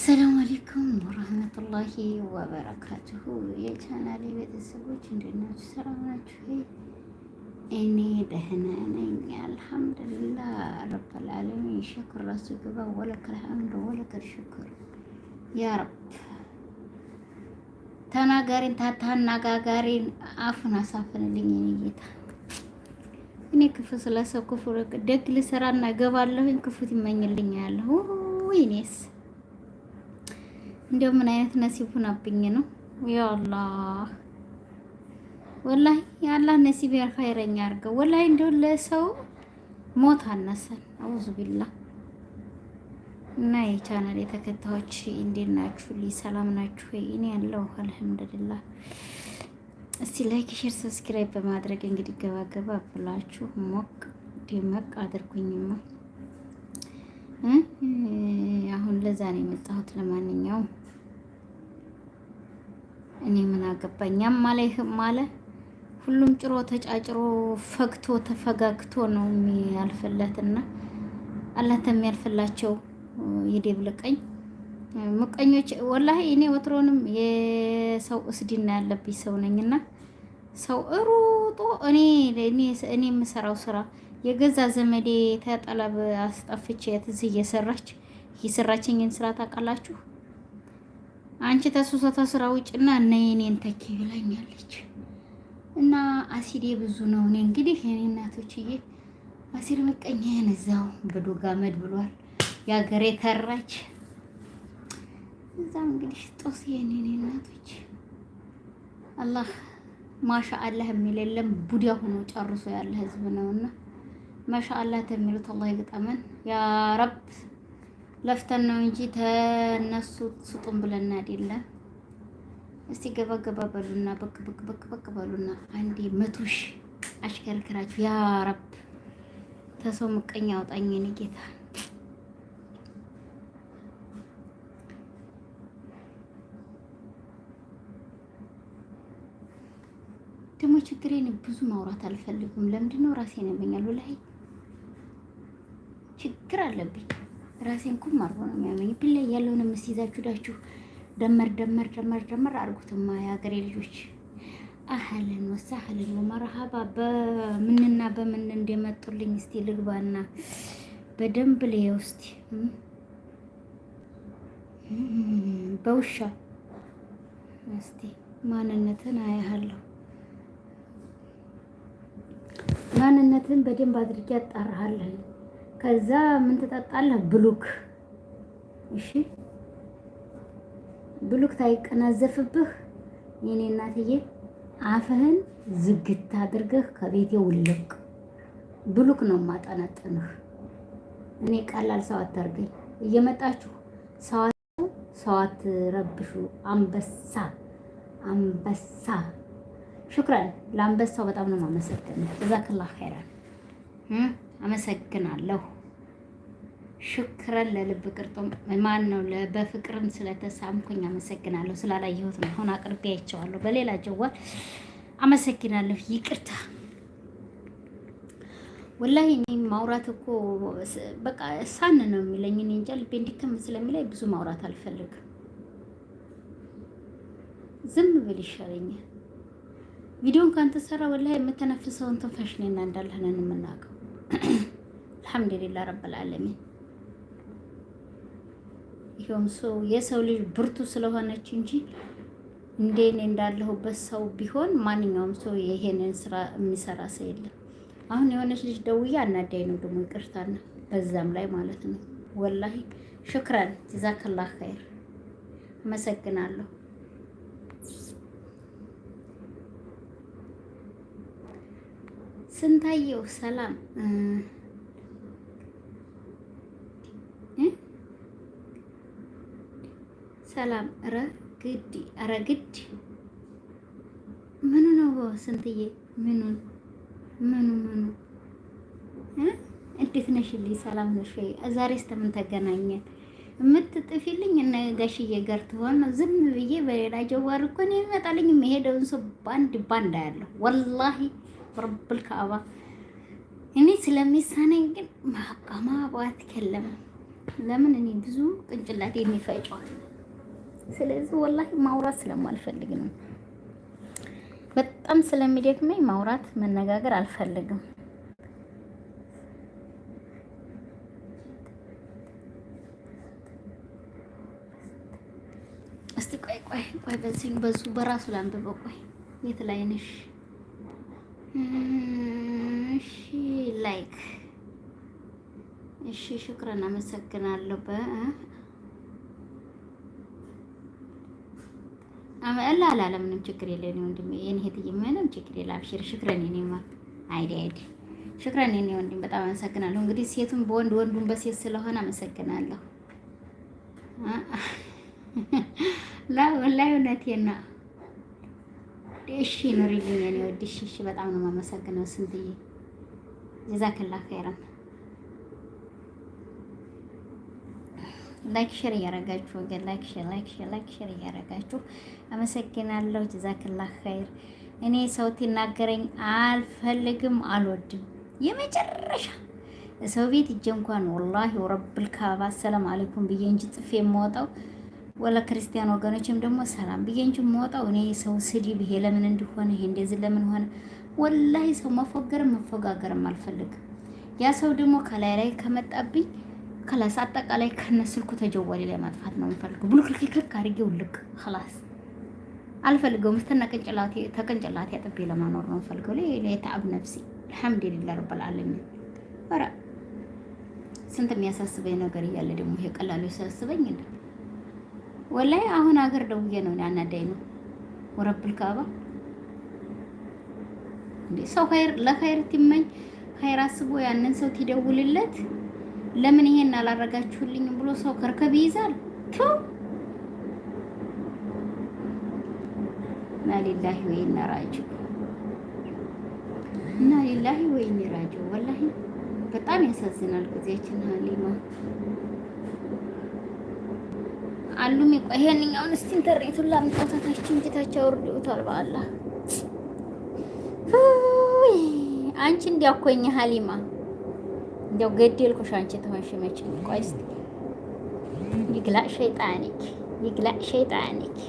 አሰላሙ አሌይኩም ወረህመቱላሂ ወበረካቱሁ የቻናሌ ቤተሰቦች እንዴት ናችሁ? ሰላም ናችሁ? እኔ ደህና ነኝ አልሐምዱሊላህ ረብል ዓለሚን። ሸክር ራሱ ግባ ወለከል ሐምድ ወለከል ሽክር ያ ረብ። ተናጋሪን ታታናጋጋሪን አፉን አሳፍንልኝ። ጌታ እኔ ክፉ ስለሰው ክፉ ደግ ልሰራና ገባለሁኝ ክፉት ይመኝልኛል። ውይኔስ እንዲያው ምን አይነት ነሲብ ሆናብኝ ነው ያ አላህ ወላሂ የአላህ ነሲብ ኸይረኛ አድርገው። ወላሂ እንዲያው ለሰው ሞት አነሰን። አውዙ ቢላ እና የቻናል የተከታዮች እንዴት ናችሁ? ሰላም ናችሁ ወይ? እኔ ያለው አልሐምዱሊላህ። እስቲ ላይክ፣ ሼር፣ ሰብስክራይብ በማድረግ እንግዲህ ገባገባ ብላችሁ ሞቅ ደመቅ አድርጉኝማ። አሁን ለዛ ነው የመጣሁት። ለማንኛውም እኔ ምን አገባኛም አላይህም አለ። ሁሉም ጭሮ ተጫጭሮ ፈግቶ ተፈጋግቶ ነው የሚያልፍለትና አላህ የሚያልፍላቸው ይደብልቀኝ። ምቀኞች ወላሂ እኔ ወትሮንም የሰው እስድና ያለብኝ ሰው ነኝና ሰው እሩጦ እኔ እኔ የምሰራው ስራ የገዛ ዘመዴ ተጠለብ አስጠፍቼ ትዝ እየሰራች የሰራችኝን ስራ ታውቃላችሁ። አንቺ ተሱሰተ ስራ ውጭና እና እኔን ተኪ ብላኛለች። እና አሲዴ ብዙ ነው። እኔ እንግዲህ የኔ እናቶችዬ አሲድ ምቀኛዬን እዛው ብዱ ጋመድ ብሏል የአገሬ ተራች። እዛም እንግዲህ ጦስ የኔ እናቶች አላህ ማሻ አላህ የሚል የለም ቡዲያ ሆኖ ጨርሶ ያለ ህዝብ ነውና ማሻ አላህ የሚሉት አላህ ይግጠመን ያ ረብ። ለፍተን ነው እንጂ ተነሱ ስጡን ብለን አይደለ። እስቲ ገባ ገባ በሉና በቅ በቅ በቅ በቅ በሉና አንዴ መቶሽ አሽከርከራች አሽከርክራችሁ ያ ረብ ተሰው ምቀኛ አውጣኝ የኔ ጌታ። ደግሞ ችግሬን ብዙ ማውራት አልፈልግም። ለምንድነው ነው ራሴን ያመኛል? ላይ ችግር አለብኝ ራሴን ኩም አርጎ ነው የሚያመኝ። ብላ ያለውን የምስይዛችሁ ዳችሁ ደመር ደመር ደመር ደመር አድርጉትማ የሀገሬ ልጆች። አህለን ወሳህለን ወመርሃባ በምንና በምን እንደመጡልኝ እስቲ ልግባና በደንብ ልየው እስቲ በውሻ እስቲ ማንነትን አያሃለሁ። ማንነትን በደንብ አድርጌ አጣራሃለሁ። ከዛ ምን ትጠጣለህ? ብሉክ እሺ፣ ብሉክ ታይቀናዘፍብህ የኔ እናትዬ። አፍህን ዝግት አድርገህ ከቤቴ ውልቅ። ብሉክ ነው ማጠነጥንህ። እኔ ቀላል ሰው አታርገኝ። እየመጣችሁ ሰዋት ሰዋት ረብሹ። አንበሳ አንበሳ ሽክረን ለአንበሳው በጣም ነው ማመሰግነው። ጀዛከላህ ኸይራን አመሰግናለሁ። ሹክረን ለልብ ቅርጥም ማን ነው? በፍቅርም ስለተሳምኩኝ አመሰግናለሁ። ስላላየሁት ነው። አሁን አቅርቤ አይቼዋለሁ። በሌላ ጀዋል አመሰግናለሁ። ይቅርታ ወላሂ እኔ ማውራት እኮ በቃ ሳን ነው የሚለኝ። እኔ እንጃ ልቤ እንዲከም ስለሚለኝ ብዙ ማውራት አልፈልግም። ዝም ብል ይሻለኛል። ቪዲዮን ካንተ ሰራ ወላሂ የምተነፍሰውን ትንፋሽ እኔና እንዳለህን የምናውቀው አልሐምዱሊላህ ረብል ዓለሚን። ይኸውም ሰው የሰው ልጅ ብርቱ ስለሆነች እንጂ እንደኔ እንዳለሁበት ሰው ቢሆን ማንኛውም ሰው ይሄንን ስራ የሚሰራ ሰው የለም። አሁን የሆነች ልጅ ደውዬ አናዳኝ ነው ደግሞ ይቅርታና በዛም ላይ ማለት ነው። ወላሂ ሽክራን ጀዛከላህ ኸይር፣ አመሰግናለሁ። ስንታየው ሰላም ሰላም ረ ግድ ምኑ ነው ስንትዬ? ምኑን ምኑ ምኑ እንዴት ነሽልኝ? ሰላም ነሽ ወይ? ዛሬ እስከምን ተገናኘን? የምትጥፊልኝ እነ ጋሽዬ ጋር ትሆን ዝም ብዬ በሌላ ጀዋር እኮ ነው የሚመጣልኝ። የሚሄደውን ሰው ባንድ ባንድ ያለው ወላሂ ረብል ከአባ እኔ ስለሚሳነኝ ግን ማቀማባት ከለም ለምን እኔ ብዙ ቅንጭላት የሚፈጫዋል። ስለዚህ ወላሂ ማውራት ስለማልፈልግ ነው። በጣም ስለሚደክመኝ ማውራት መነጋገር አልፈልግም። እስቲ ቆይ ቆይ ቆይ በዚህ በሱ በራሱ ላንብበው። ቆይ የት ላይ ነሽ? እሺ ላይክ እሺ ሽክረን አመሰግናለሁ። በ አላ አላ ምንም ችግር የለም ወንድሜ፣ የኔ እህትዬ ምንም ችግር የለም። አብሽር ሽክረን የኔ አይዲ አይዲ ሽክረን የኔ ወንድም በጣም አመሰግናለሁ። እንግዲህ ሴቱን በወንድ ወንዱን በሴት ስለሆነ አመሰግናለሁ። ላ ወላሂ እውነቴን ነው። እሺ ኑሪልኝ የኔ ወድሽ። እሺ፣ በጣም ነው የማመሰግነው ስንትዬ፣ ጀዛክላ ኸይረን። ላይክ ሼር እያረጋችሁ ወገን፣ ላይክ ሼር፣ ላይክ ሼር፣ ላይክ ሼር እያረጋችሁ አመሰግናለሁ። ጀዛክላ ኸይር። እኔ ሰውት ይናገረኝ አልፈልግም፣ አልወድም። የመጨረሻ ሰው ቤት እጄ እንኳን ወላሂ ወረብል ካባ ሰላም አለይኩም ብዬ እንጂ ጽፌ የምወጣው ወላ ክርስቲያን ወገኖችም ደግሞ ሰላም ብዬ እንጂ የምወጣው እኔ ሰው ስድብ ይሄ ለምን እንደሆነ ይሄ እንደዚህ ለምን ሆነ፣ ወላሂ ሰው መፎገርም መፎጋገርም አልፈልግም። ያ ሰው ደግሞ ከላይ ላይ ከመጣብኝ ከላስ አጠቃላይ ከነስልኩ ተጀወሌ ላይ ማጥፋት ነው የምፈልገው። ብሉክልክልክ አድርጌው ልክ ላስ አልፈልገውም። ምስትና ተቅንጭላት ያጥቤ ለማኖር ነው የምፈልገው። የተአብ ነፍሲ አልሐምዱሊላህ ረብል ዓለሚን። ኧረ ስንት የሚያሳስበኝ ነገር እያለ ደግሞ ይሄ ቀላሉ ያሳስበኝ እንዴ? ወላይ አሁን አገር ደውዬ ነው ያናዳኝ ነው ወረብል ካባ እንዴ ሰው ኸይር ለኸይር ትመኝ ኸይር አስቦ ያንን ሰው ትደውልለት ለምን ይሄን አላረጋችሁልኝም ብሎ ሰው ከርከብ ይይዛል። ተው ናሊላሂ ወይና ራጅ ናሊላሂ ወይኒ ራጅ ወላሂ በጣም ያሳዝናል ጊዜያችን ሀሊማ አሉ ሚቆ ይሄንኛውን እስቲ ኢንተርኔቱን ላምጣታታችን ጌታቻ ወርዱታል ባላ አንቺ እንዲያው እኮ እኛ ሀሊማ እንዲያው ገደልኩሽ አንቺ ተሆንሽ መቼ ቆይ እስቲ ይግላእ ሸይጣኒክ ይግላ ሸይጣኒክ